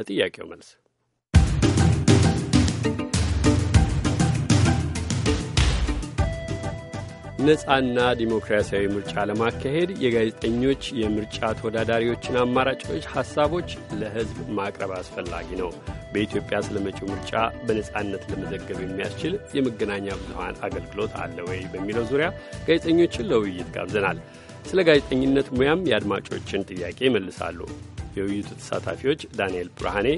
ለጥያቄው መልስ ነጻና ዲሞክራሲያዊ ምርጫ ለማካሄድ የጋዜጠኞች የምርጫ ተወዳዳሪዎችን አማራጮች ሐሳቦች ለሕዝብ ማቅረብ አስፈላጊ ነው። በኢትዮጵያ ስለ መጪው ምርጫ በነጻነት ለመዘገብ የሚያስችል የመገናኛ ብዙሀን አገልግሎት አለ ወይ በሚለው ዙሪያ ጋዜጠኞችን ለውይይት ጋብዘናል። ስለ ጋዜጠኝነት ሙያም የአድማጮችን ጥያቄ ይመልሳሉ። የውይይቱ ተሳታፊዎች ዳንኤል ብርሃኔ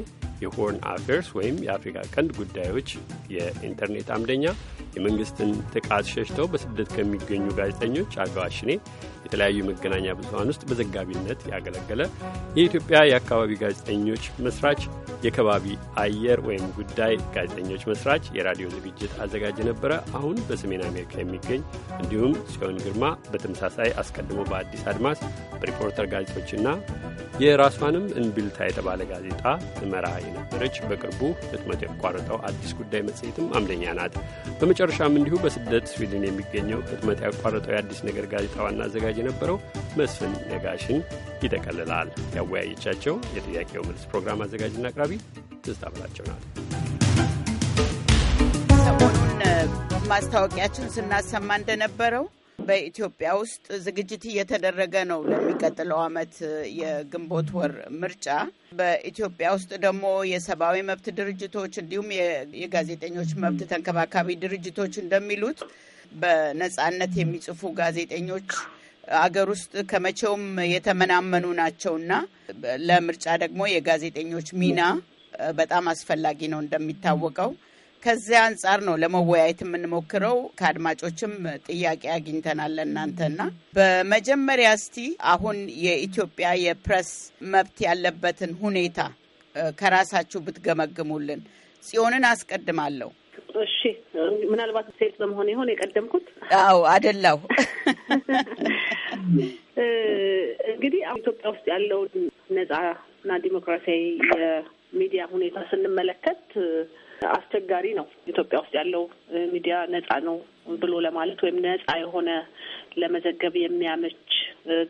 የሆርን አፌርስ ወይም የአፍሪካ ቀንድ ጉዳዮች የኢንተርኔት አምደኛ፣ የመንግስትን ጥቃት ሸሽተው በስደት ከሚገኙ ጋዜጠኞች አገዋሽኔ የተለያዩ መገናኛ ብዙሀን ውስጥ በዘጋቢነት ያገለገለ የኢትዮጵያ የአካባቢ ጋዜጠኞች መስራች፣ የከባቢ አየር ወይም ጉዳይ ጋዜጠኞች መስራች፣ የራዲዮ ዝግጅት አዘጋጅ የነበረ አሁን በሰሜን አሜሪካ የሚገኝ እንዲሁም ጽዮን ግርማ በተመሳሳይ አስቀድሞ በአዲስ አድማስ በሪፖርተር ጋዜጦችና የራሷንም እንቢልታ የተባለ ጋዜጣ እመራ የነበረች በቅርቡ ህትመት ያቋረጠው አዲስ ጉዳይ መጽሔትም አምደኛ ናት። በመጨረሻም እንዲሁ በስደት ስዊድን የሚገኘው ህትመት ያቋረጠው የአዲስ ነገር ጋዜጣ ዋና አዘጋጅ የነበረው መስፍን ነጋሽን ይጠቀልላል። ያወያየቻቸው የጥያቄው መልስ ፕሮግራም አዘጋጅና አቅራቢ ትዝታ ብላቸው ናት። ሰሞኑን ማስታወቂያችን ስናሰማ እንደነበረው በኢትዮጵያ ውስጥ ዝግጅት እየተደረገ ነው ለሚቀጥለው ዓመት የግንቦት ወር ምርጫ። በኢትዮጵያ ውስጥ ደግሞ የሰብአዊ መብት ድርጅቶች እንዲሁም የጋዜጠኞች መብት ተንከባካቢ ድርጅቶች እንደሚሉት በነጻነት የሚጽፉ ጋዜጠኞች አገር ውስጥ ከመቼውም የተመናመኑ ናቸውና ለምርጫ ደግሞ የጋዜጠኞች ሚና በጣም አስፈላጊ ነው እንደሚታወቀው ከዚያ አንጻር ነው ለመወያየት የምንሞክረው። ከአድማጮችም ጥያቄ አግኝተናል ለእናንተና በመጀመሪያ እስቲ አሁን የኢትዮጵያ የፕሬስ መብት ያለበትን ሁኔታ ከራሳችሁ ብትገመግሙልን። ጽዮንን አስቀድማለሁ። እሺ፣ ምናልባት ሴት በመሆን ይሆን የቀደምኩት? አዎ፣ አደላሁ። እንግዲህ ኢትዮጵያ ውስጥ ያለውን እና ዲሞክራሲያዊ የሚዲያ ሁኔታ ስንመለከት አስቸጋሪ ነው። ኢትዮጵያ ውስጥ ያለው ሚዲያ ነጻ ነው ብሎ ለማለት ወይም ነጻ የሆነ ለመዘገብ የሚያመች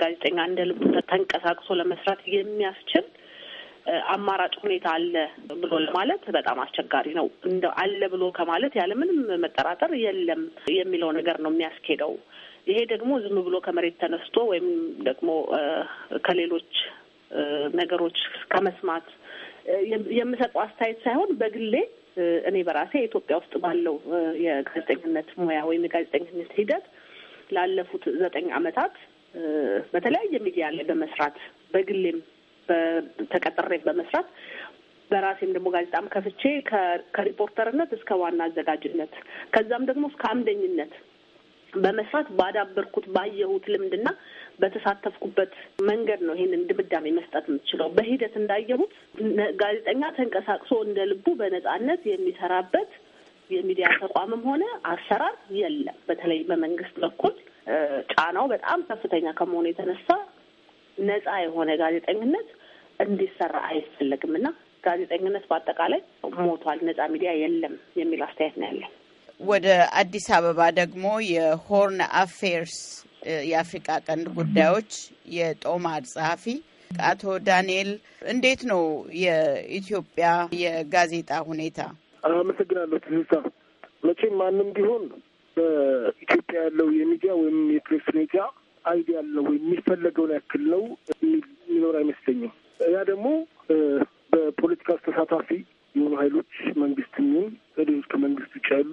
ጋዜጠኛ እንደ ልቡ ተንቀሳቅሶ ለመስራት የሚያስችል አማራጭ ሁኔታ አለ ብሎ ለማለት በጣም አስቸጋሪ ነው። እንደ አለ ብሎ ከማለት ያለምንም መጠራጠር የለም የሚለው ነገር ነው የሚያስኬደው። ይሄ ደግሞ ዝም ብሎ ከመሬት ተነስቶ ወይም ደግሞ ከሌሎች ነገሮች ከመስማት የምሰጠው አስተያየት ሳይሆን በግሌ እኔ በራሴ ኢትዮጵያ ውስጥ ባለው የጋዜጠኝነት ሙያ ወይም የጋዜጠኝነት ሂደት ላለፉት ዘጠኝ ዓመታት በተለያየ ሚዲያ ላይ በመስራት በግሌም ተቀጥሬ በመስራት በራሴም ደግሞ ጋዜጣም ከፍቼ ከሪፖርተርነት እስከ ዋና አዘጋጅነት ከዛም ደግሞ እስከ አምደኝነት በመስራት ባዳበርኩት ባየሁት ልምድና በተሳተፍኩበት መንገድ ነው ይህንን ድምዳሜ መስጠት የምችለው። በሂደት እንዳየሁት ጋዜጠኛ ተንቀሳቅሶ እንደ ልቡ በነጻነት የሚሰራበት የሚዲያ ተቋምም ሆነ አሰራር የለም። በተለይ በመንግስት በኩል ጫናው በጣም ከፍተኛ ከመሆኑ የተነሳ ነጻ የሆነ ጋዜጠኝነት እንዲሰራ አይፈለግም እና ጋዜጠኝነት በአጠቃላይ ሞቷል፣ ነጻ ሚዲያ የለም የሚል አስተያየት ነው ያለን። ወደ አዲስ አበባ ደግሞ የሆርን አፌርስ የአፍሪቃ ቀንድ ጉዳዮች የጦማር ጸሐፊ አቶ ዳንኤል፣ እንዴት ነው የኢትዮጵያ የጋዜጣ ሁኔታ? አመሰግናለሁ ትዝታ። መቼም ማንም ቢሆን በኢትዮጵያ ያለው የሚዲያ ወይም የፕሬስ ሜዲያ አይዲ ያለው ወይም የሚፈለገውን ያክል ነው የሚኖር አይመስለኝም። ያ ደግሞ በፖለቲካ ተሳታፊ የሆኑ ሀይሎች መንግስት፣ ይሁን ከሌሎች ከመንግስት ውጭ ያሉ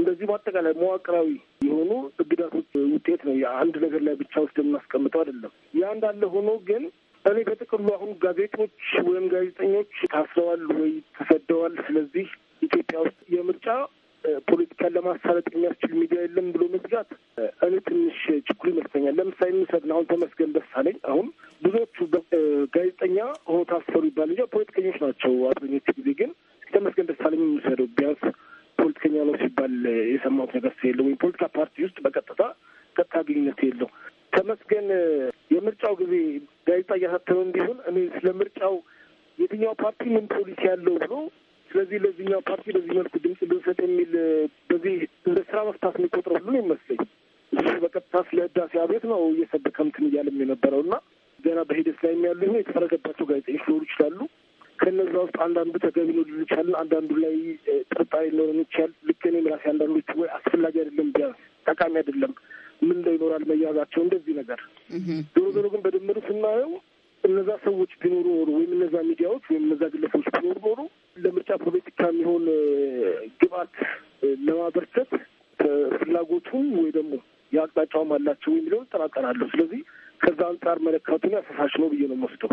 እንደዚህ በአጠቃላይ መዋቅራዊ የሆኑ እግዳቶች ውጤት ነው። አንድ ነገር ላይ ብቻ ውስጥ የምናስቀምጠው አይደለም። ያ እንዳለ ሆኖ ግን እኔ በጥቅሉ አሁን ጋዜጦች ወይም ጋዜጠኞች ታስረዋል ወይ ተሰደዋል፣ ስለዚህ ኢትዮጵያ ውስጥ የምርጫ ፖለቲካን ለማሳለጥ የሚያስችል ሚዲያ የለም ብሎ መዝጋት እኔ ትንሽ ችኩል ይመስለኛል። ለምሳሌ የሚሰድን አሁን ተመስገን ደሳለኝ አሁን ብዙዎቹ ጋዜጠኛ ሆኖ ታሰሩ ይባል እንጂ ፖለቲከኞች ናቸው አብዛኞቹ ጊዜ ግን መፍትሄ የለውም። የፖለቲካ ፓርቲ ውስጥ በቀጥታ ቀጥታ ግንኙነት የለው። ተመስገን የምርጫው ጊዜ ጋዜጣ እያሳተመን ቢሆን እኔ ስለ ምርጫው የትኛው ፓርቲ ምን ፖሊሲ ያለው ብሎ ስለዚህ ለዚህኛው ፓርቲ በዚህ መልኩ ድምፅ ብንሰጥ የሚል በዚህ እንደ ስራ መፍታት የሚቆጥረው ሁሉ ይመስለኝ እሱ በቀጥታ ስለ ህዳሴ አቤት ነው እየሰበከ እንትን እያለም የነበረው እና ገና በሂደት ላይ የሚያሉ ይሆን የተፈረደባቸው ጋዜጠኞች ሊሆኑ ይችላሉ። ከእነዛ ውስጥ አንዳንዱ ተገቢ ነው ሊሉ ይችላል፣ አንዳንዱ አለው። ስለዚህ ከዛ አንጻር መለካቱን ያፈሳሽ ነው ብዬ ነው የምወስደው።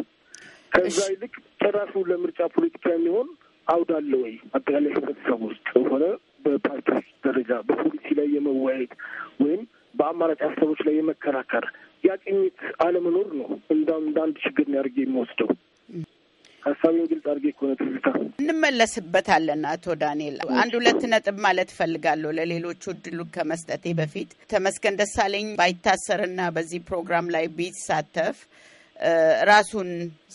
ከዛ ይልቅ ጨራሹ ለምርጫ ፖለቲካ የሚሆን አውድ አለ ወይ አጠቃላይ ህብረተሰብ ውስጥ ሆነ በፓርቲ ደረጃ በፖሊሲ ላይ የመወያየት ወይም በአማራጭ ሀሳቦች ላይ የመከራከር ያቅኝት አለመኖር ነው እንዳንድ ችግር ያደርግ የሚወስደው ሀሳቤን ግልጽ አድርጌ እኮ ትዝታ። እንመለስበታለን። አቶ ዳንኤል አንድ ሁለት ነጥብ ማለት ፈልጋለሁ ለሌሎቹ እድሉ ከመስጠቴ በፊት ተመስገን ደሳለኝ ባይታሰርና በዚህ ፕሮግራም ላይ ቢሳተፍ ራሱን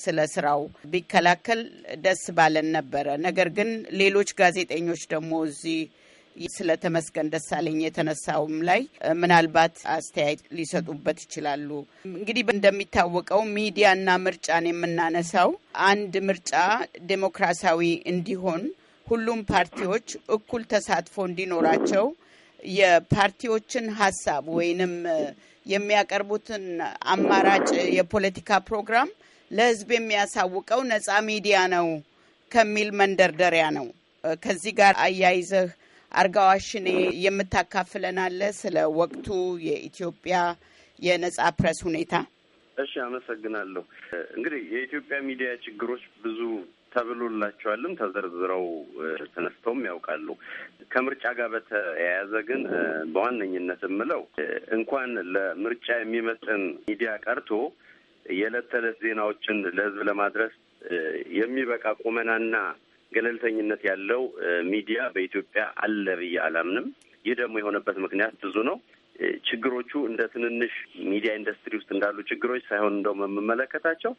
ስለ ስራው ቢከላከል ደስ ባለን ነበረ። ነገር ግን ሌሎች ጋዜጠኞች ደግሞ እዚህ ስለ ተመስገን ደሳለኝ የተነሳውም ላይ ምናልባት አስተያየት ሊሰጡበት ይችላሉ። እንግዲህ እንደሚታወቀው ሚዲያና ምርጫን የምናነሳው አንድ ምርጫ ዴሞክራሲያዊ እንዲሆን ሁሉም ፓርቲዎች እኩል ተሳትፎ እንዲኖራቸው የፓርቲዎችን ሀሳብ ወይንም የሚያቀርቡትን አማራጭ የፖለቲካ ፕሮግራም ለሕዝብ የሚያሳውቀው ነፃ ሚዲያ ነው ከሚል መንደርደሪያ ነው። ከዚህ ጋር አያይዘህ አርጋዋሽኔ የምታካፍለናለ ስለ ወቅቱ የኢትዮጵያ የነጻ ፕረስ ሁኔታ? እሺ፣ አመሰግናለሁ። እንግዲህ የኢትዮጵያ ሚዲያ ችግሮች ብዙ ተብሎላቸዋልም ተዘርዝረው ተነስተውም ያውቃሉ። ከምርጫ ጋር በተያያዘ ግን በዋነኝነት የምለው እንኳን ለምርጫ የሚመጥን ሚዲያ ቀርቶ የዕለት ተዕለት ዜናዎችን ለሕዝብ ለማድረስ የሚበቃ ቁመናና ገለልተኝነት ያለው ሚዲያ በኢትዮጵያ አለ ብዬ አላምንም። ይህ ደግሞ የሆነበት ምክንያት ብዙ ነው። ችግሮቹ እንደ ትንንሽ ሚዲያ ኢንዱስትሪ ውስጥ እንዳሉ ችግሮች ሳይሆን እንደውም የምመለከታቸው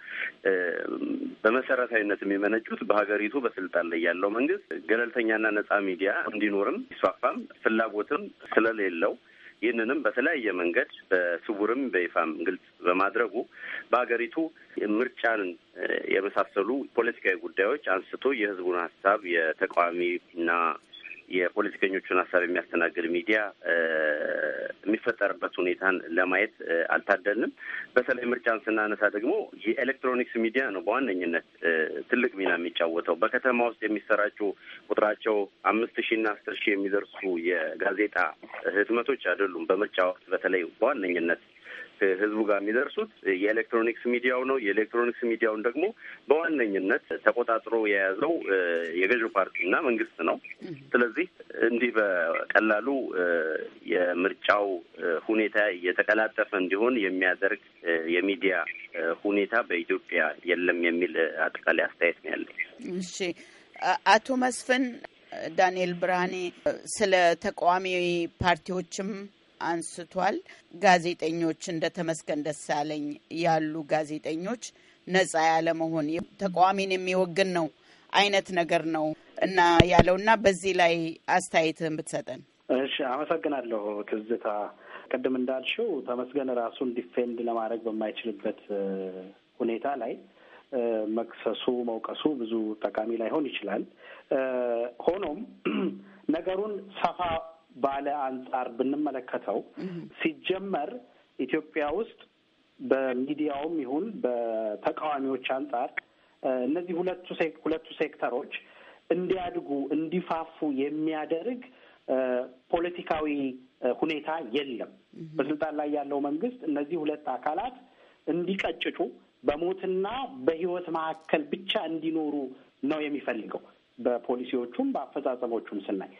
በመሰረታዊነት የሚመነጩት በሀገሪቱ በስልጣን ላይ ያለው መንግስት ገለልተኛና ነጻ ሚዲያ እንዲኖርም ይስፋፋም ፍላጎትም ስለሌለው ይህንንም በተለያየ መንገድ በስውርም በይፋም ግልጽ በማድረጉ በሀገሪቱ ምርጫን የመሳሰሉ ፖለቲካዊ ጉዳዮች አንስቶ የህዝቡን ሀሳብ የተቃዋሚና የፖለቲከኞቹን ሀሳብ የሚያስተናግድ ሚዲያ የሚፈጠርበት ሁኔታን ለማየት አልታደልንም። በተለይ ምርጫን ስናነሳ ደግሞ የኤሌክትሮኒክስ ሚዲያ ነው በዋነኝነት ትልቅ ሚና የሚጫወተው። በከተማ ውስጥ የሚሰራጩ ቁጥራቸው አምስት ሺ እና አስር ሺህ የሚደርሱ የጋዜጣ ህትመቶች አይደሉም በምርጫ ወቅት በተለይ በዋነኝነት ህዝቡ ጋር የሚደርሱት የኤሌክትሮኒክስ ሚዲያው ነው። የኤሌክትሮኒክስ ሚዲያውን ደግሞ በዋነኝነት ተቆጣጥሮ የያዘው የገዢው ፓርቲና መንግስት ነው። ስለዚህ እንዲህ በቀላሉ የምርጫው ሁኔታ የተቀላጠፈ እንዲሆን የሚያደርግ የሚዲያ ሁኔታ በኢትዮጵያ የለም የሚል አጠቃላይ አስተያየት ነው ያለኝ። እሺ፣ አቶ መስፍን ዳንኤል ብርሃኔ ስለ ተቃዋሚ ፓርቲዎችም አንስቷል። ጋዜጠኞች እንደ ተመስገን ደሳለኝ ያሉ ጋዜጠኞች ነጻ ያለመሆን ተቃዋሚን የሚወግን ነው አይነት ነገር ነው እና ያለው እና በዚህ ላይ አስተያየትህን ብትሰጠን። እሺ፣ አመሰግናለሁ ትዝታ። ቅድም እንዳልሽው ተመስገን ራሱን ዲፌንድ ለማድረግ በማይችልበት ሁኔታ ላይ መክሰሱ፣ መውቀሱ ብዙ ጠቃሚ ላይሆን ይችላል። ሆኖም ነገሩን ሰፋ ባለ አንጻር ብንመለከተው ሲጀመር ኢትዮጵያ ውስጥ በሚዲያውም ይሁን በተቃዋሚዎች አንጻር እነዚህ ሁለቱ ሁለቱ ሴክተሮች እንዲያድጉ እንዲፋፉ የሚያደርግ ፖለቲካዊ ሁኔታ የለም። በስልጣን ላይ ያለው መንግስት እነዚህ ሁለት አካላት እንዲቀጭጩ በሞትና በህይወት መካከል ብቻ እንዲኖሩ ነው የሚፈልገው። በፖሊሲዎቹም በአፈጻጸሞቹም ስናይ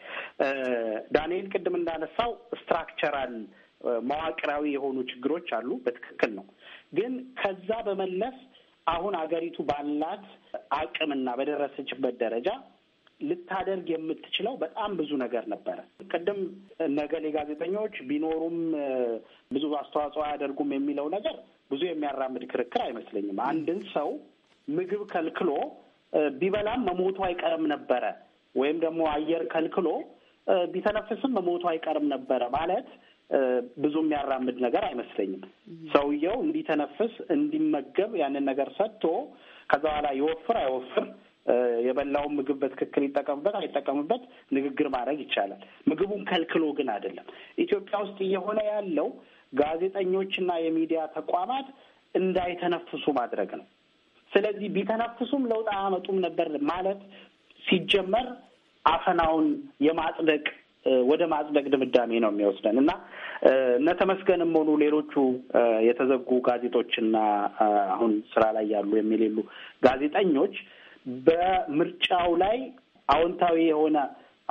ዳንኤል ቅድም እንዳነሳው ስትራክቸራል መዋቅራዊ የሆኑ ችግሮች አሉ። በትክክል ነው። ግን ከዛ በመለስ አሁን አገሪቱ ባላት አቅምና በደረሰችበት ደረጃ ልታደርግ የምትችለው በጣም ብዙ ነገር ነበረ። ቅድም ነገሌ ጋዜጠኞች ቢኖሩም ብዙ አስተዋጽኦ አያደርጉም የሚለው ነገር ብዙ የሚያራምድ ክርክር አይመስለኝም። አንድን ሰው ምግብ ከልክሎ ቢበላም መሞቱ አይቀርም ነበረ ወይም ደግሞ አየር ከልክሎ ቢተነፍስም መሞቱ አይቀርም ነበረ ማለት ብዙ የሚያራምድ ነገር አይመስለኝም። ሰውየው እንዲተነፍስ እንዲመገብ ያንን ነገር ሰጥቶ ከዛ በኋላ ይወፍር አይወፍር የበላውን ምግብ በትክክል ይጠቀምበት አይጠቀምበት ንግግር ማድረግ ይቻላል። ምግቡን ከልክሎ ግን አይደለም። ኢትዮጵያ ውስጥ እየሆነ ያለው ጋዜጠኞችና የሚዲያ ተቋማት እንዳይተነፍሱ ማድረግ ነው። ስለዚህ ቢተነፍሱም ለውጥ አያመጡም ነበር ማለት ሲጀመር አፈናውን የማጽደቅ ወደ ማጽደቅ ድምዳሜ ነው የሚወስደን እና እነ ተመስገንም ሆኑ ሌሎቹ የተዘጉ ጋዜጦችና አሁን ስራ ላይ ያሉ የሚሌሉ ጋዜጠኞች በምርጫው ላይ አዎንታዊ የሆነ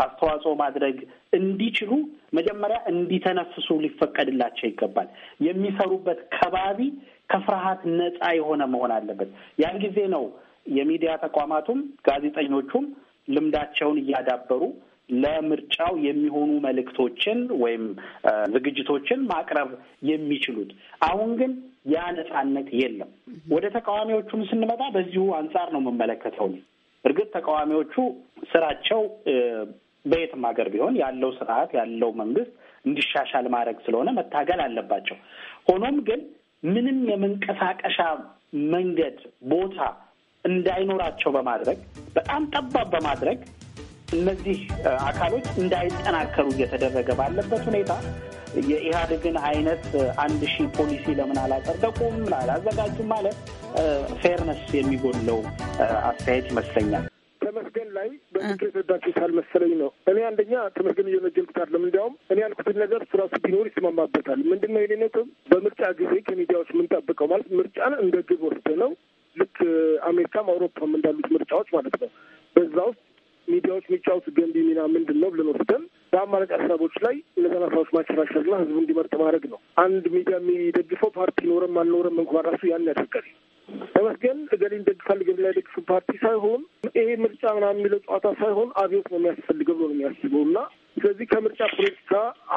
አስተዋጽኦ ማድረግ እንዲችሉ መጀመሪያ እንዲተነፍሱ ሊፈቀድላቸው ይገባል። የሚሰሩበት ከባቢ ከፍርሃት ነፃ የሆነ መሆን አለበት። ያን ጊዜ ነው የሚዲያ ተቋማቱም ጋዜጠኞቹም ልምዳቸውን እያዳበሩ ለምርጫው የሚሆኑ መልእክቶችን ወይም ዝግጅቶችን ማቅረብ የሚችሉት። አሁን ግን ያ ነፃነት የለም። ወደ ተቃዋሚዎቹም ስንመጣ በዚሁ አንጻር ነው የምመለከተው። እርግጥ ተቃዋሚዎቹ ስራቸው በየትም ሀገር ቢሆን ያለው ስርዓት ያለው መንግስት እንዲሻሻል ማድረግ ስለሆነ መታገል አለባቸው። ሆኖም ግን ምንም የመንቀሳቀሻ መንገድ ቦታ እንዳይኖራቸው በማድረግ በጣም ጠባብ በማድረግ እነዚህ አካሎች እንዳይጠናከሩ እየተደረገ ባለበት ሁኔታ የኢህአዴግን አይነት አንድ ሺህ ፖሊሲ ለምን አላጸደቁም አላዘጋጁም ማለት ፌርነስ የሚጎለው አስተያየት ይመስለኛል። ተመስገን ላይ በምክር የተወዳችታል መሰለኝ ነው። እኔ አንደኛ ተመስገን እየመጀልኩት አይደለም። እንዲያውም እኔ ያልኩትን ነገር ስራሱ ቢኖር ይስማማበታል። ምንድነው የኔ ነጥብ በምርጫ ጊዜ ከሚዲያዎች የምንጠብቀው ማለት ምርጫን እንደ ግብ ወስደ ነው ልክ አሜሪካም አውሮፓም እንዳሉት ምርጫዎች ማለት ነው። በዛ ውስጥ ሚዲያዎች የሚጫወቱት ገንቢ ሚና ምንድን ነው ብለን ወስደን በአማራጭ ሀሳቦች ላይ እነዛን ሀሳቦች ማሸራሸርና ህዝቡ እንዲመርጥ ማድረግ ነው። አንድ ሚዲያ የሚደግፈው ፓርቲ ኖረም አልኖረም እንኳን ራሱ ያን ያደርጋል። ለመስገን እገሌን ደግፋለሁ ገሌ አይደግፍም ፓርቲ ሳይሆን ይሄ ምርጫ ምናምን የሚለው ጨዋታ ሳይሆን አብዮት ነው የሚያስፈልገው ብሎ ነው የሚያስበው እና ስለዚህ ከምርጫ ፖለቲካ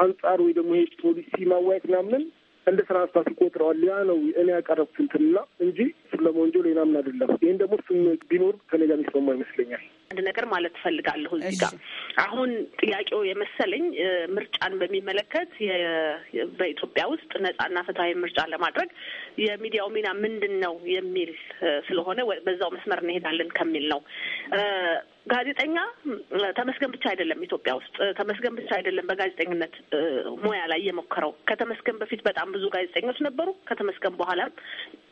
አንጻር ወይ ደግሞ ይሄ ፖሊሲ ማዋየት ምናምን እንደ አስፋፊ ቆጥረዋል። ያ ነው እኔ ያቀረብኩት እንትና እንጂ ለመወንጆ ሌላ ምን አይደለም። ይህን ደግሞ ስሜት ቢኖር ከኔ ጋር የሚስማማ ይመስለኛል። አንድ ነገር ማለት ትፈልጋለሁ እዚህ ጋር አሁን ጥያቄው የመሰለኝ ምርጫን በሚመለከት በኢትዮጵያ ውስጥ ነጻና ፍትሀዊ ምርጫ ለማድረግ የሚዲያው ሚና ምንድን ነው የሚል ስለሆነ በዛው መስመር እንሄዳለን ከሚል ነው ጋዜጠኛ ተመስገን ብቻ አይደለም፣ ኢትዮጵያ ውስጥ ተመስገን ብቻ አይደለም በጋዜጠኝነት ሙያ ላይ የሞከረው። ከተመስገን በፊት በጣም ብዙ ጋዜጠኞች ነበሩ። ከተመስገን በኋላም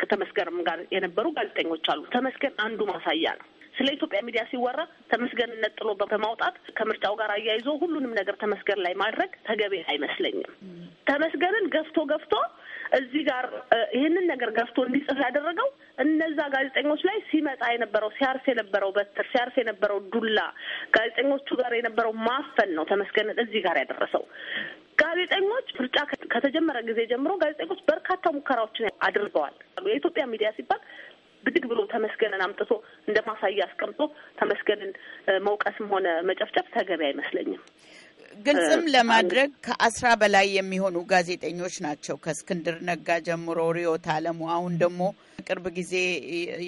ከተመስገንም ጋር የነበሩ ጋዜጠኞች አሉ። ተመስገን አንዱ ማሳያ ነው። ስለ ኢትዮጵያ ሚዲያ ሲወራ ተመስገን ነጥሎ በማውጣት ከምርጫው ጋር አያይዞ ሁሉንም ነገር ተመስገን ላይ ማድረግ ተገቢ አይመስለኝም። ተመስገንን ገፍቶ ገፍቶ እዚህ ጋር ይህንን ነገር ገፍቶ እንዲጽፍ ያደረገው እነዛ ጋዜጠኞች ላይ ሲመጣ የነበረው ሲያርፍ የነበረው በትር ሲያርፍ የነበረው ዱላ ጋዜጠኞቹ ጋር የነበረው ማፈን ነው ተመስገንን እዚህ ጋር ያደረሰው። ጋዜጠኞች ምርጫ ከተጀመረ ጊዜ ጀምሮ ጋዜጠኞች በርካታ ሙከራዎችን አድርገዋል። የኢትዮጵያ ሚዲያ ሲባል ብድግ ብሎ ተመስገንን አምጥቶ እንደ ማሳያ አስቀምጦ ተመስገንን መውቀስም ሆነ መጨፍጨፍ ተገቢ አይመስለኝም። ግልጽም ለማድረግ ከአስራ በላይ የሚሆኑ ጋዜጠኞች ናቸው ከእስክንድር ነጋ ጀምሮ ሪዮት አለሙ፣ አሁን ደግሞ ቅርብ ጊዜ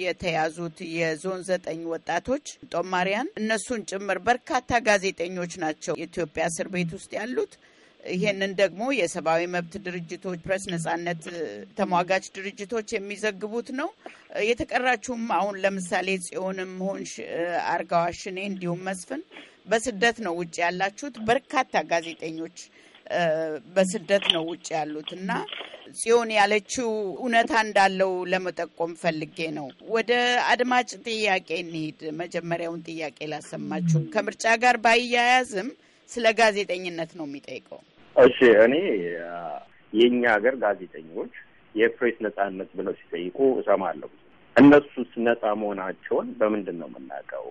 የተያዙት የዞን ዘጠኝ ወጣቶች ጦማሪያን፣ እነሱን ጭምር በርካታ ጋዜጠኞች ናቸው የኢትዮጵያ እስር ቤት ውስጥ ያሉት። ይህንን ደግሞ የሰብአዊ መብት ድርጅቶች፣ ፕሬስ ነጻነት ተሟጋች ድርጅቶች የሚዘግቡት ነው። የተቀራችሁም አሁን ለምሳሌ ጽዮንም ሆንሽ አርጋዋሽኔ እንዲሁም መስፍን በስደት ነው ውጭ ያላችሁት። በርካታ ጋዜጠኞች በስደት ነው ውጭ ያሉት እና ጽዮን ያለችው እውነታ እንዳለው ለመጠቆም ፈልጌ ነው። ወደ አድማጭ ጥያቄ እንሂድ። መጀመሪያውን ጥያቄ ላሰማችሁ። ከምርጫ ጋር ባያያዝም ስለ ጋዜጠኝነት ነው የሚጠይቀው። እሺ፣ እኔ የእኛ ሀገር ጋዜጠኞች የፕሬስ ነጻነት ብለው ሲጠይቁ እሰማለሁ። እነሱስ ነጻ መሆናቸውን በምንድን ነው የምናውቀው?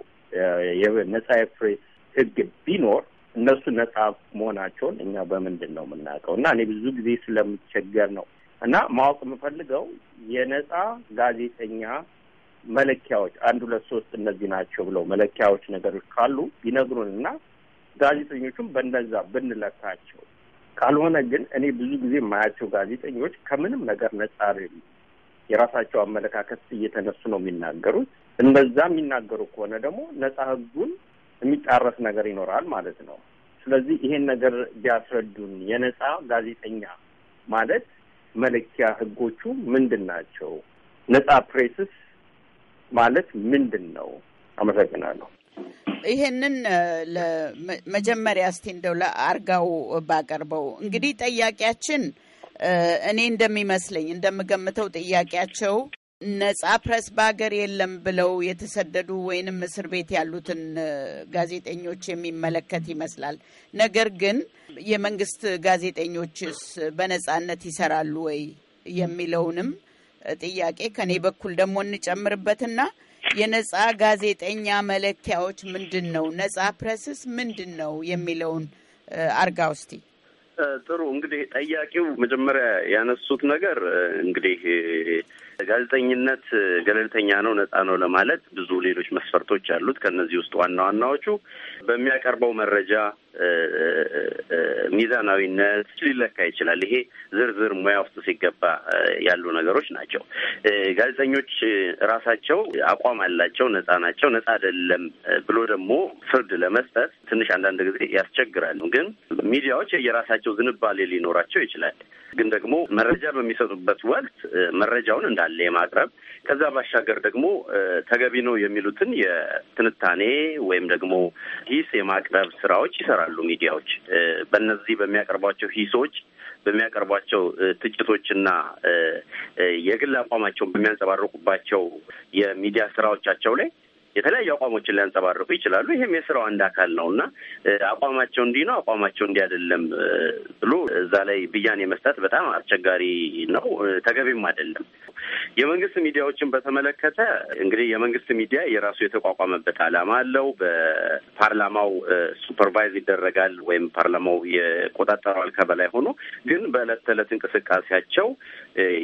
ነጻ የፕሬስ ህግ ቢኖር እነሱ ነጻ መሆናቸውን እኛ በምንድን ነው የምናውቀው? እና እኔ ብዙ ጊዜ ስለምቸገር ነው እና ማወቅ የምፈልገው የነጻ ጋዜጠኛ መለኪያዎች አንድ ሁለት ሶስት እነዚህ ናቸው ብለው መለኪያዎች ነገሮች ካሉ ቢነግሩን እና ጋዜጠኞቹም በነዛ ብንለካቸው፣ ካልሆነ ግን እኔ ብዙ ጊዜ የማያቸው ጋዜጠኞች ከምንም ነገር ነጻ የራሳቸው አመለካከት እየተነሱ ነው የሚናገሩት። እነዛ የሚናገሩ ከሆነ ደግሞ ነጻ ህጉን የሚጣረስ ነገር ይኖራል ማለት ነው። ስለዚህ ይሄን ነገር ቢያስረዱን። የነጻ ጋዜጠኛ ማለት መለኪያ ህጎቹ ምንድን ናቸው? ነጻ ፕሬስስ ማለት ምንድን ነው? አመሰግናለሁ። ይሄንን መጀመሪያ እስቲ እንደው ለአርጋው ባቀርበው። እንግዲህ ጠያቂያችን እኔ እንደሚመስለኝ እንደምገምተው ጥያቄያቸው ነጻ ፕረስ በሀገር የለም ብለው የተሰደዱ ወይንም እስር ቤት ያሉትን ጋዜጠኞች የሚመለከት ይመስላል። ነገር ግን የመንግስት ጋዜጠኞችስ በነጻነት ይሰራሉ ወይ የሚለውንም ጥያቄ ከኔ በኩል ደግሞ እንጨምርበትና የነጻ ጋዜጠኛ መለኪያዎች ምንድን ነው? ነጻ ፕረስስ ምንድን ነው የሚለውን አርጋ ውስቲ ጥሩ እንግዲህ ጠያቂው መጀመሪያ ያነሱት ነገር እንግዲህ ጋዜጠኝነት ገለልተኛ ነው፣ ነጻ ነው ለማለት ብዙ ሌሎች መስፈርቶች አሉት። ከእነዚህ ውስጥ ዋና ዋናዎቹ በሚያቀርበው መረጃ ሚዛናዊነት ሊለካ ይችላል። ይሄ ዝርዝር ሙያ ውስጥ ሲገባ ያሉ ነገሮች ናቸው። ጋዜጠኞች ራሳቸው አቋም አላቸው፣ ነጻ ናቸው፣ ነጻ አይደለም ብሎ ደግሞ ፍርድ ለመስጠት ትንሽ አንዳንድ ጊዜ ያስቸግራል። ግን ሚዲያዎች የራሳቸው ዝንባሌ ሊኖራቸው ይችላል። ግን ደግሞ መረጃ በሚሰጡበት ወቅት መረጃውን እንዳለ የማቅረብ ከዛ ባሻገር ደግሞ ተገቢ ነው የሚሉትን የትንታኔ ወይም ደግሞ ሂስ የማቅረብ ስራዎች ይሰራሉ ሚዲያዎች። በእነዚህ በሚያቀርቧቸው ሂሶች በሚያቀርቧቸው ትችቶችና የግል አቋማቸውን በሚያንጸባርቁባቸው የሚዲያ ስራዎቻቸው ላይ የተለያዩ አቋሞችን ሊያንጸባርቁ ይችላሉ። ይህም የስራው አንድ አካል ነው እና አቋማቸው እንዲህ ነው፣ አቋማቸው እንዲህ አይደለም ብሎ እዛ ላይ ብያኔ መስጠት በጣም አስቸጋሪ ነው፣ ተገቢም አይደለም። የመንግስት ሚዲያዎችን በተመለከተ እንግዲህ የመንግስት ሚዲያ የራሱ የተቋቋመበት ዓላማ አለው። በፓርላማው ሱፐርቫይዝ ይደረጋል ወይም ፓርላማው የቆጣጠረዋል ከበላይ ሆኖ ግን በእለት ተዕለት እንቅስቃሴያቸው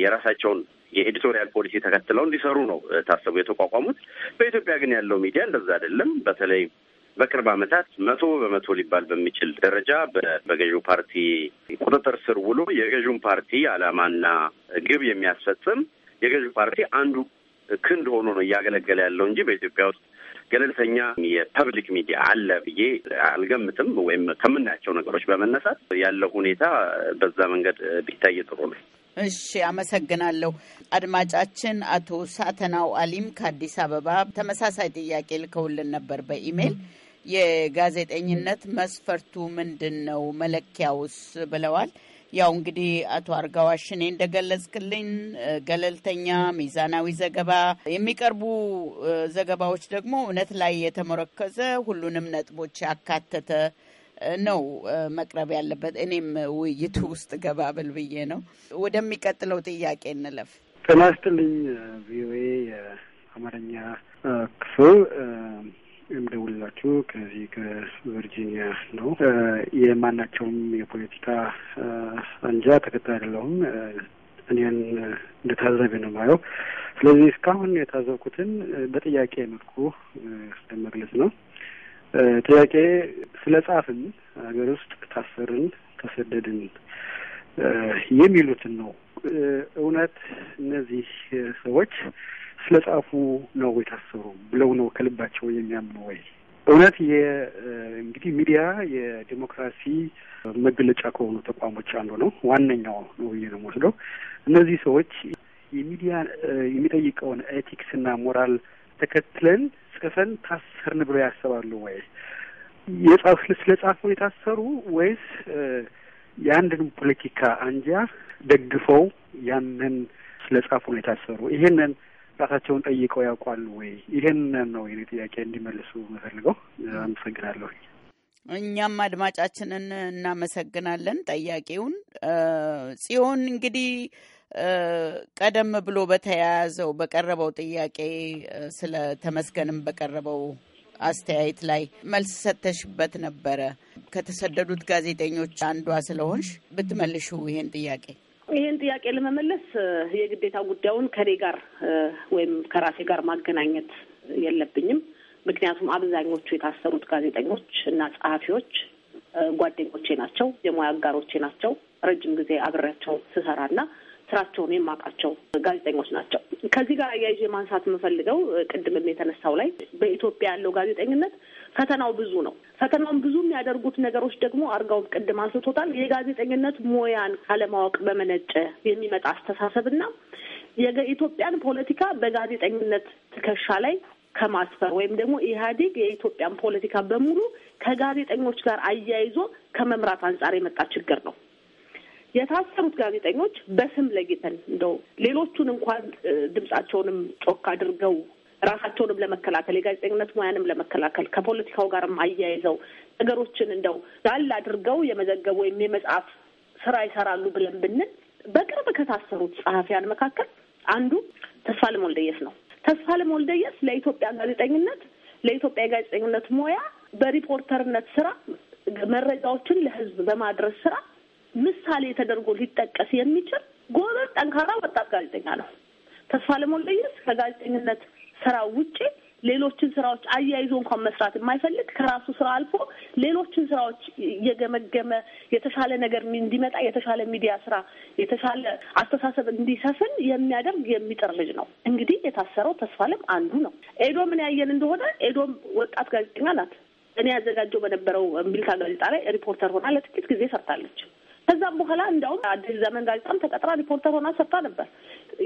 የራሳቸውን የኤዲቶሪያል ፖሊሲ ተከትለው እንዲሰሩ ነው ታሰቡ የተቋቋሙት። በኢትዮጵያ ግን ያለው ሚዲያ እንደዛ አይደለም። በተለይ በቅርብ ዓመታት መቶ በመቶ ሊባል በሚችል ደረጃ በገዢው ፓርቲ ቁጥጥር ስር ውሎ የገዢውን ፓርቲ ዓላማና ግብ የሚያስፈጽም የገዢው ፓርቲ አንዱ ክንድ ሆኖ ነው እያገለገለ ያለው እንጂ በኢትዮጵያ ውስጥ ገለልተኛ የፐብሊክ ሚዲያ አለ ብዬ አልገምትም። ወይም ከምናያቸው ነገሮች በመነሳት ያለው ሁኔታ በዛ መንገድ ቢታይ ጥሩ ነው። እሺ፣ አመሰግናለሁ። አድማጫችን አቶ ሳተናው አሊም ከአዲስ አበባ ተመሳሳይ ጥያቄ ልከውልን ነበር በኢሜይል የጋዜጠኝነት መስፈርቱ ምንድን ነው? መለኪያውስ? ብለዋል። ያው እንግዲህ አቶ አርጋዋሽኔ እንደገለጽክልኝ ገለልተኛ፣ ሚዛናዊ ዘገባ የሚቀርቡ ዘገባዎች ደግሞ እውነት ላይ የተመረከዘ ሁሉንም ነጥቦች ያካተተ ነው መቅረብ ያለበት። እኔም ውይይቱ ውስጥ ገባ ብል ብዬ ነው። ወደሚቀጥለው ጥያቄ እንለፍ። ጤና ይስጥልኝ። ቪኦኤ የአማርኛ ክፍል የምደውልላችሁ ከዚህ ከቨርጂኒያ ነው። የማናቸውም የፖለቲካ አንጃ ተከታይ አይደለሁም። እኔን እንደ ነው ማየው። ስለዚህ እስካሁን የታዘብኩትን በጥያቄ መልኩ ለመግለጽ ነው። ጥያቄ ስለ ጻፍን ሀገር ውስጥ ታሰርን፣ ተሰደድን የሚሉትን ነው። እውነት እነዚህ ሰዎች ስለ ጻፉ ነው የታሰሩ ብለው ነው ከልባቸው የሚያምኑ ወይ? እውነት እንግዲህ ሚዲያ የዲሞክራሲ መገለጫ ከሆኑ ተቋሞች አንዱ ነው፣ ዋነኛው ነው ብዬ ነው የምወስደው። እነዚህ ሰዎች የሚዲያ የሚጠይቀውን ኤቲክስና ሞራል ተከትለን ጽፈን ታሰርን ብለው ያስባሉ ወይ? የጻፍ ስለጻፉ የታሰሩ ወይስ የአንድን ፖለቲካ አንጃ ደግፈው ያንን ስለጻፉ ነው የታሰሩ? ይሄንን ራሳቸውን ጠይቀው ያውቋሉ ወይ? ይሄንን ነው የኔ ጥያቄ እንዲመልሱ መፈልገው። አመሰግናለሁ። እኛም አድማጫችንን እናመሰግናለን ጠያቄውን ጽዮን እንግዲህ ቀደም ብሎ በተያያዘው በቀረበው ጥያቄ ስለ ተመስገንም በቀረበው አስተያየት ላይ መልስ ሰተሽበት ነበረ። ከተሰደዱት ጋዜጠኞች አንዷ ስለሆንሽ ብትመልሽው ይሄን ጥያቄ ይህን ጥያቄ ለመመለስ የግዴታ ጉዳዩን ከኔ ጋር ወይም ከራሴ ጋር ማገናኘት የለብኝም። ምክንያቱም አብዛኞቹ የታሰሩት ጋዜጠኞች እና ጸሐፊዎች ጓደኞቼ ናቸው፣ የሙያ አጋሮቼ ናቸው። ረጅም ጊዜ አብሬያቸው ስሰራና ስራቸውን የማውቃቸው ጋዜጠኞች ናቸው። ከዚህ ጋር አያይዤ ማንሳት የምፈልገው ቅድምም የተነሳው ላይ በኢትዮጵያ ያለው ጋዜጠኝነት ፈተናው ብዙ ነው። ፈተናውን ብዙ የሚያደርጉት ነገሮች ደግሞ አርጋውም ቅድም አንስቶታል። የጋዜጠኝነት ሙያን ካለማወቅ በመነጨ የሚመጣ አስተሳሰብና የኢትዮጵያን ፖለቲካ በጋዜጠኝነት ትከሻ ላይ ከማስፈር ወይም ደግሞ ኢህአዴግ የኢትዮጵያን ፖለቲካ በሙሉ ከጋዜጠኞች ጋር አያይዞ ከመምራት አንጻር የመጣ ችግር ነው። የታሰሩት ጋዜጠኞች በስም ለይተን እንደው ሌሎቹን እንኳን ድምጻቸውንም ጮክ አድርገው ራሳቸውንም ለመከላከል የጋዜጠኝነት ሙያንም ለመከላከል ከፖለቲካው ጋርም አያይዘው ነገሮችን እንደው ዳል አድርገው የመዘገብ ወይም የመጽሐፍ ስራ ይሰራሉ ብለን ብንል በቅርብ ከታሰሩት ጸሐፊያን መካከል አንዱ ተስፋለም ወልደየስ ነው። ተስፋለም ወልደየስ ለኢትዮጵያ ጋዜጠኝነት ለኢትዮጵያ የጋዜጠኝነት ሙያ በሪፖርተርነት ስራ መረጃዎችን ለህዝብ በማድረስ ስራ ምሳሌ ተደርጎ ሊጠቀስ የሚችል ጎበዝ፣ ጠንካራ ወጣት ጋዜጠኛ ነው። ተስፋ ለሞለየስ ከጋዜጠኝነት ስራ ውጪ ሌሎችን ስራዎች አያይዞ እንኳን መስራት የማይፈልግ ከራሱ ስራ አልፎ ሌሎችን ስራዎች እየገመገመ የተሻለ ነገር እንዲመጣ የተሻለ ሚዲያ ስራ፣ የተሻለ አስተሳሰብ እንዲሰፍን የሚያደርግ የሚጥር ልጅ ነው። እንግዲህ የታሰረው ተስፋለም አንዱ ነው። ኤዶምን ያየን እንደሆነ ኤዶም ወጣት ጋዜጠኛ ናት። እኔ ያዘጋጀው በነበረው እምቢልታ ጋዜጣ ላይ ሪፖርተር ሆና ለጥቂት ጊዜ ሰርታለች። ከዛም በኋላ እንዲያውም አዲስ ዘመን ጋዜጣም ተቀጥራ ሪፖርተር ሆና ሰርታ ነበር።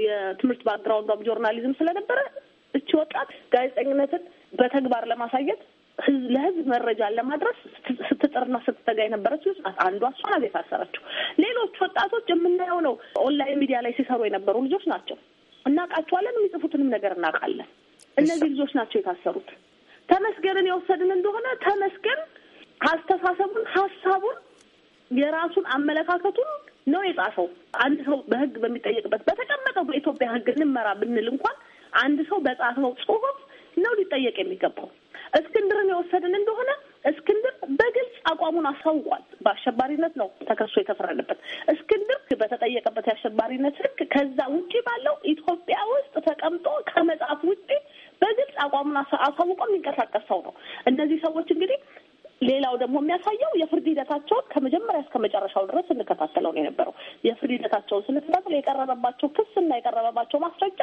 የትምህርት ባክግራውንዷም ጆርናሊዝም ስለነበረ እቺ ወጣት ጋዜጠኝነትን በተግባር ለማሳየት ለህዝብ መረጃን ለማድረስ ስትጥርና ስትተጋ የነበረች ልጅ አንዷ እሷ ናት የታሰረችው። ሌሎች ወጣቶች የምናየው ነው። ኦንላይን ሚዲያ ላይ ሲሰሩ የነበሩ ልጆች ናቸው። እናውቃቸዋለን። የሚጽፉትንም ነገር እናውቃለን። እነዚህ ልጆች ናቸው የታሰሩት። ተመስገንን የወሰድን እንደሆነ ተመስገን አስተሳሰቡን ሀሳቡን የራሱን አመለካከቱን ነው የጻፈው። አንድ ሰው በህግ በሚጠየቅበት በተቀመጠው በኢትዮጵያ ህግ እንመራ ብንል እንኳን አንድ ሰው በጻፈው ጽሁፍ ነው ሊጠየቅ የሚገባው። እስክንድርን የወሰድን እንደሆነ እስክንድር በግልጽ አቋሙን አሳውቋል። በአሸባሪነት ነው ተከሶ የተፈረደበት። እስክንድር በተጠየቀበት የአሸባሪነት ህግ ከዛ ውጪ ባለው ኢትዮጵያ ውስጥ ተቀምጦ ከመጽሐፍ ውጪ በግልጽ አቋሙን አሳውቆ የሚንቀሳቀስ ሰው ነው። እነዚህ ሰዎች እንግዲህ ሌላው ደግሞ የሚያሳየው የፍርድ ሂደታቸውን ከመጀመሪያ እስከ መጨረሻው ድረስ እንከታተለው ነው የነበረው። የፍርድ ሂደታቸውን ስንከታተል የቀረበባቸው ክስና የቀረበባቸው ማስረጃ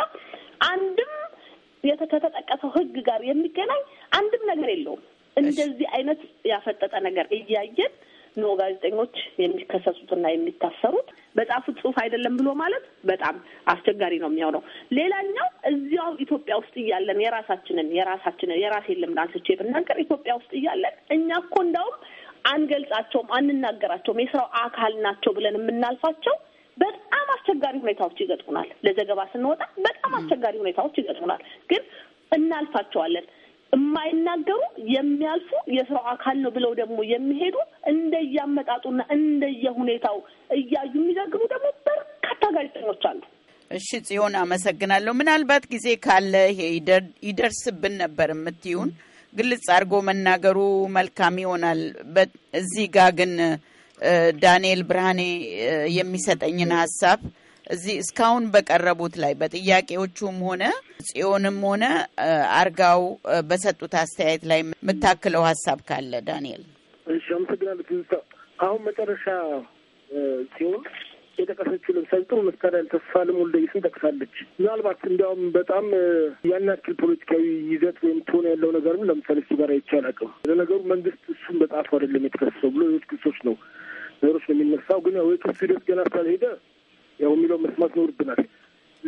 አንድም ከተጠቀሰው ሕግ ጋር የሚገናኝ አንድም ነገር የለውም። እንደዚህ አይነት ያፈጠጠ ነገር እያየን ኖ ጋዜጠኞች የሚከሰሱትና የሚታሰሩት። በጻፉት ጽሁፍ አይደለም ብሎ ማለት በጣም አስቸጋሪ ነው የሚሆነው። ሌላኛው እዚያው ኢትዮጵያ ውስጥ እያለን የራሳችንን የራሳችንን የራሴን ልምድ አንስቼ ብናገር ኢትዮጵያ ውስጥ እያለን እኛ እኮ እንዳውም አንገልጻቸውም፣ አንናገራቸውም የስራው አካል ናቸው ብለን የምናልፋቸው በጣም አስቸጋሪ ሁኔታዎች ይገጥሙናል። ለዘገባ ስንወጣ በጣም አስቸጋሪ ሁኔታዎች ይገጥሙናል፣ ግን እናልፋቸዋለን። የማይናገሩ የሚያልፉ የስራው አካል ነው ብለው ደግሞ የሚሄዱ እንደየአመጣጡና እንደየሁኔታው እያዩ የሚዘግቡ ደግሞ በርካታ ጋዜጠኞች አሉ። እሺ ጽዮን አመሰግናለሁ። ምናልባት ጊዜ ካለ ይሄ ይደርስብን ነበር የምትይውን ግልጽ አድርጎ መናገሩ መልካም ይሆናል። እዚህ ጋ ግን ዳንኤል ብርሃኔ የሚሰጠኝን ሀሳብ እዚህ እስካሁን በቀረቡት ላይ በጥያቄዎቹም ሆነ ጽዮንም ሆነ አርጋው በሰጡት አስተያየት ላይ የምታክለው ሀሳብ ካለ ዳንኤል? እሺ፣ አመሰግናለሁ አሁን መጨረሻ ጽዮን የጠቀሰችው ለምሳሌ ጥሩ መሳሪያ ተስፋለም ወልደየስን ጠቅሳለች። ምናልባት እንዲያውም በጣም ያን ያክል ፖለቲካዊ ይዘት ወይም ትሆን ያለው ነገርም ለምሳሌ እሱ ጋር አይቻል አቅም ለነገሩ መንግስት እሱን በጣም አይደለም የተከሰሰው ብሎ ሌሎች ክሶች ነው ነገሮች ነው የሚነሳው። ግን ያው የክሱ ሂደት ገና ስላልሄደ ያው የሚለው መስማት ይኖርብናል።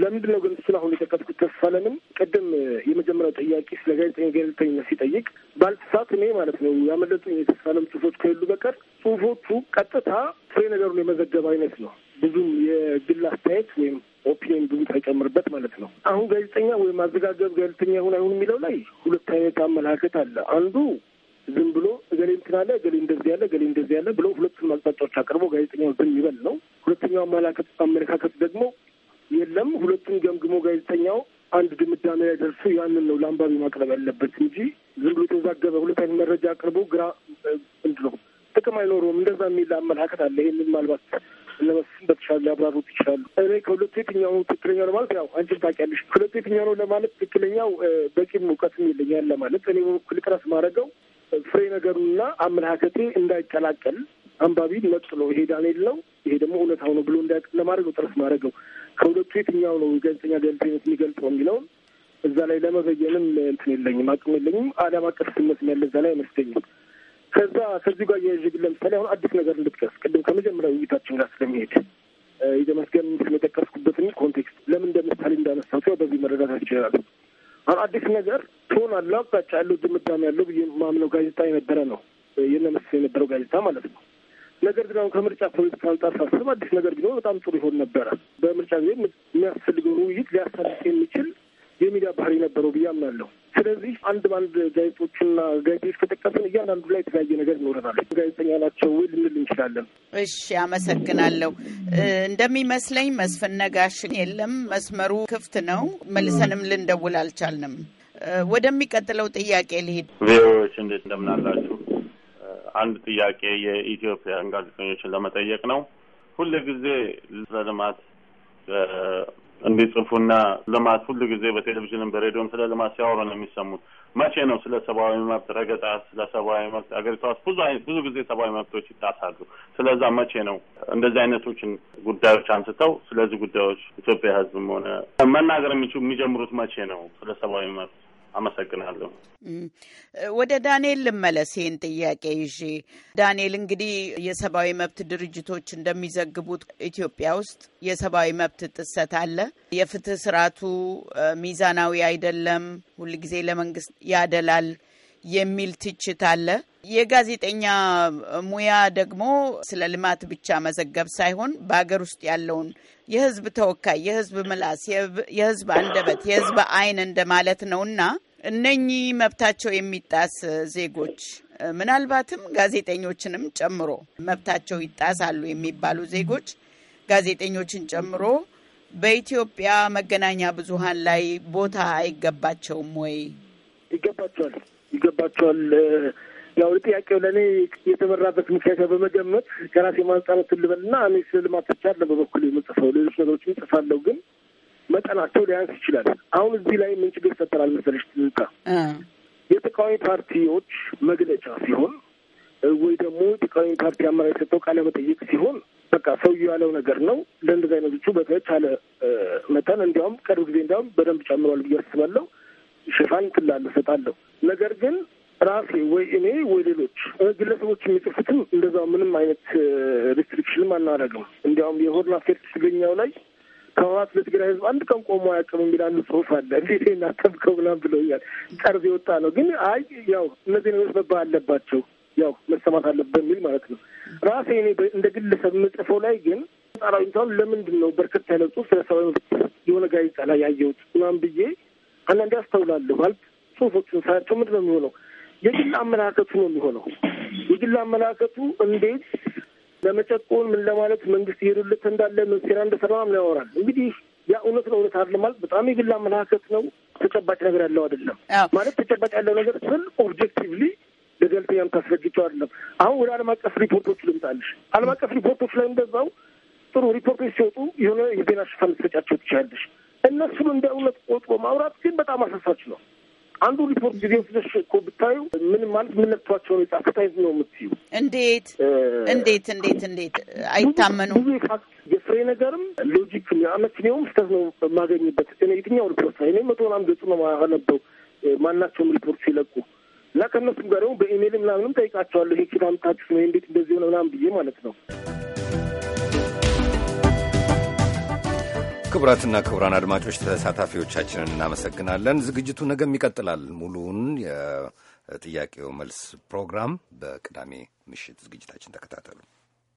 ለምንድን ነው ግን እሱን አሁን የጠቀስኩት? ተስፋለንም ቅድም የመጀመሪያው ጥያቄ ስለ ጋዜጠኛ ጋዜጠኝነት ሲጠይቅ ባልተሳት እኔ ማለት ነው ያመለጡኝ የተስፋለም ጽሁፎች ከሌሉ በቀር ጽሁፎቹ ቀጥታ ፍሬ ነገሩን የመዘገብ አይነት ነው። ብዙም የግል አስተያየት ወይም ኦፒኒን ብዙ ሳይጨምርበት ማለት ነው። አሁን ጋዜጠኛ ወይም አዘጋገብ ገለልተኛ ይሁን አይሁን የሚለው ላይ ሁለት አይነት አመለካከት አለ። አንዱ ዝም ብሎ እገሌ እንትን አለ እገሌ እንደዚህ ያለ እገሌ እንደዚህ ያለ ብሎ ሁለቱም አቅጣጫዎች አቅርቦ ጋዜጠኛው ዝም ይበል ነው። ሁለተኛው አመላከት አመለካከት ደግሞ የለም ሁለቱም ገምግሞ ጋዜጠኛው አንድ ድምዳሜ ላይ ደርሶ ያንን ነው ለአንባቢ ማቅረብ ያለበት እንጂ ዝም ብሎ የተዛገበ ሁለት አይነት መረጃ አቅርቦ ግራ ምንድን ነው ጥቅም አይኖረውም። እንደዛ የሚል አመለካከት አለ። ይህንን ምናልባት ለመስን በተሻለ ሊያብራሩት ይችላሉ። እኔ ከሁለቱ የትኛው ትክክለኛ ነው ማለት ያው አንቺን ታውቂያለሽ። ከሁለቱ የትኛው ነው ለማለት ትክክለኛው በቂም እውቀትም የለኛል ለማለት እኔ በበኩል ቅረስ ማድረገው ፍሬ ነገሩና አመለካከቴ እንዳይቀላቀል አንባቢ ነጥሎ ነው ይሄ ዳንኤል ነው ይሄ ደግሞ እውነታው ነው ብሎ እንዳያቅ ለማድረግ ነው ጥረት ማድረገው ከሁለቱ የትኛው ነው የጋዜጠኛ ገለልተኝነት የሚገልጠው የሚለውን እዛ ላይ ለመበየንም እንትን የለኝም፣ አቅም የለኝም። ዓለም አቀፍ ስመት ያለ እዛ ላይ አይመስለኝም። ከዛ ከዚህ ጋር የያዥ ግን ለምሳሌ አሁን አዲስ ነገር እንድጥቀስ ቅድም ከመጀመሪያ ውይይታችን ጋር ስለሚሄድ የደመስገን ስም የጠቀስኩበትን ኮንቴክስት ለምን እንደምሳሌ ምሳሌ እንዳነሳሁት በዚህ መረዳት ይችላሉ። አሁን አዲስ ነገር ቶን አለ አቅጣጫ ያለው ድምዳሜ ያለው ብዬ ማምነው ጋዜጣ የነበረ ነው የነመስ የነበረው ጋዜጣ ማለት ነው። ነገር ግን አሁን ከምርጫ ፖለቲካ አንጻር ሳስብ አዲስ ነገር ቢኖር በጣም ጥሩ ይሆን ነበረ። በምርጫ ጊዜ የሚያስፈልገውን ውይይት ሊያሳልጥ የሚችል የሚዲያ ባህሪ ነበረው ብዬ አምናለሁ። ስለዚህ አንድ በአንድ ጋዜጦችና ጋዜጦች ከጠቀስን እያንዳንዱ ላይ የተለያየ ነገር ይኖረናል። ጋዜጠኛ ናቸው ወይ ልንል እንችላለን። እሺ፣ አመሰግናለሁ። እንደሚመስለኝ መስፍን ነጋሽ የለም፣ መስመሩ ክፍት ነው። መልሰንም ልንደውል አልቻልንም። ወደሚቀጥለው ጥያቄ ልሂድ። ቪዎች እንዴት እንደምናላችሁ? አንድ ጥያቄ የኢትዮጵያን ጋዜጠኞችን ለመጠየቅ ነው። ጊዜ ለልማት እንዲጽፉና ልማት ሁሉ ጊዜ በቴሌቪዥንም በሬዲዮም ስለ ልማት ሲያወሩ ነው የሚሰሙት። መቼ ነው ስለ ሰብአዊ መብት ረገጣ፣ ስለ ሰብአዊ መብት አገሪቷ ብዙ አይነት ብዙ ጊዜ ሰብአዊ መብቶች ይጣሳሉ። ስለዛ መቼ ነው እንደዚህ አይነቶችን ጉዳዮች አንስተው ስለዚህ ጉዳዮች ኢትዮጵያ ሕዝብም ሆነ መናገር የሚጀምሩት መቼ ነው ስለ ሰብአዊ መብት አመሰግናለሁ። ወደ ዳንኤል ልመለስ። ይህን ጥያቄ ይዤ ዳንኤል፣ እንግዲህ የሰብአዊ መብት ድርጅቶች እንደሚዘግቡት ኢትዮጵያ ውስጥ የሰብአዊ መብት ጥሰት አለ። የፍትህ ስርዓቱ ሚዛናዊ አይደለም፣ ሁልጊዜ ለመንግስት ያደላል የሚል ትችት አለ። የጋዜጠኛ ሙያ ደግሞ ስለ ልማት ብቻ መዘገብ ሳይሆን በሀገር ውስጥ ያለውን የህዝብ ተወካይ፣ የህዝብ ምላስ፣ የህዝብ አንደበት፣ የህዝብ አይን እንደማለት ነው እና እነኚህ መብታቸው የሚጣስ ዜጎች ምናልባትም ጋዜጠኞችንም ጨምሮ መብታቸው ይጣሳሉ የሚባሉ ዜጎች ጋዜጠኞችን ጨምሮ በኢትዮጵያ መገናኛ ብዙሃን ላይ ቦታ አይገባቸውም ወይ? ይገባቸዋል። ይገባቸዋል። ያው ጥያቄው ለእኔ የተመራበት ምክንያት በመገመት ከራሴ ማንጻረት ልበልና እኔ ስለ ልማት ብቻ አለ በበኩል የምጽፈው ሌሎች ነገሮች እጽፋለሁ ግን መጠናቸው ሊያንስ ይችላል። አሁን እዚህ ላይ ምን ችግር ይፈጠራል መሰለሽ ትዝታ፣ የተቃዋሚ ፓርቲዎች መግለጫ ሲሆን ወይ ደግሞ ጥቃዊ ፓርቲ አመራር የሰጠው ቃለ መጠይቅ ሲሆን በቃ ሰውየው ያለው ነገር ነው። ለእንደዚህ አይነቶቹ በተቻለ መጠን እንዲያውም ቅርብ ጊዜ እንዲያውም በደንብ ጨምሯል ብዬ አስባለሁ ሽፋን ትላለህ እሰጣለሁ። ነገር ግን ራሴ ወይ እኔ ወይ ሌሎች ግለሰቦች የሚጽፉትም እንደዛው ምንም አይነት ሪስትሪክሽንም አናደርግም። እንዲያውም የሆርን አፌርስ ትግርኛው ላይ ከህወሓት ለትግራይ ህዝብ አንድ ቀን ቆሞ አያውቅም የሚል አንድ ጽሁፍ አለ። እንዴት እናጠብቀው ምናምን ብለውኛል። ጠርዝ የወጣ ነው። ግን አይ ያው እነዚህ ነገሮች መባል አለባቸው፣ ያው መሰማት አለበት በሚል ማለት ነው። ራሴ እኔ እንደ ግለሰብ የምጽፈው ላይ ግን ጣራዊ ለምንድን ነው በርከት ያለ ጽሁፍ ስለ ሰብአዊ መብት የሆነ ጋዜጣ ላይ ያየሁት ምናምን ብዬ አንዳንድ ያስተውላለሁ ባል ጽሁፎቹን ሳያቸው ምንድን ነው የሚሆነው? የግል አመለካከቱ ነው የሚሆነው። የግል አመለካከቱ እንዴት ለመጨቆን ምን ለማለት መንግስት እየሄዱለት እንዳለ ምን ሴራ እንደሰራ ምን ያወራል። እንግዲህ ያ እውነት ለእውነት አለ ማለት በጣም የግል አመለካከት ነው። ተጨባጭ ነገር ያለው አይደለም ማለት ተጨባጭ ያለው ነገር ስል ኦብጀክቲቭሊ ለገልጠኛም ታስረጅቸው አይደለም። አሁን ወደ አለም አቀፍ ሪፖርቶች ልምጣልሽ። አለም አቀፍ ሪፖርቶች ላይ እንደዛው ጥሩ ሪፖርቶች ሲወጡ የሆነ የዜና ሽፋን ልትሰጫቸው ትችላለሽ። እነሱን እንደ እውነት ቆጥሮ ማውራት ግን በጣም አሳሳች ነው። አንዱ ሪፖርት ጊዜ ወስደሽ እኮ ብታዩ ምን ማለት የምነቷቸው ነው የጻፍታይዝ ነው የምትዩ እንዴት እንዴት እንዴት እንዴት አይታመኑ ብዙ የፋክት የፍሬ ነገርም ሎጂክ አመክንዮም ስተት ነው የማገኝበት እኔ የትኛው ሪፖርት ነው እኔ መቶ ምናምን ገጹ ነው ማነበው ማናቸውም ሪፖርት ሲለቁ እና ከእነሱም ጋር ደግሞ በኢሜይል ምናምንም ጠይቃቸዋለሁ ይህ ኪታምታችሁ ነው እንዴት እንደዚህ ሆነ ምናምን ብዬ ማለት ነው ክቡራትና ክቡራን አድማጮች ተሳታፊዎቻችንን እናመሰግናለን። ዝግጅቱ ነገም ይቀጥላል። ሙሉውን የጥያቄው መልስ ፕሮግራም በቅዳሜ ምሽት ዝግጅታችን ተከታተሉ።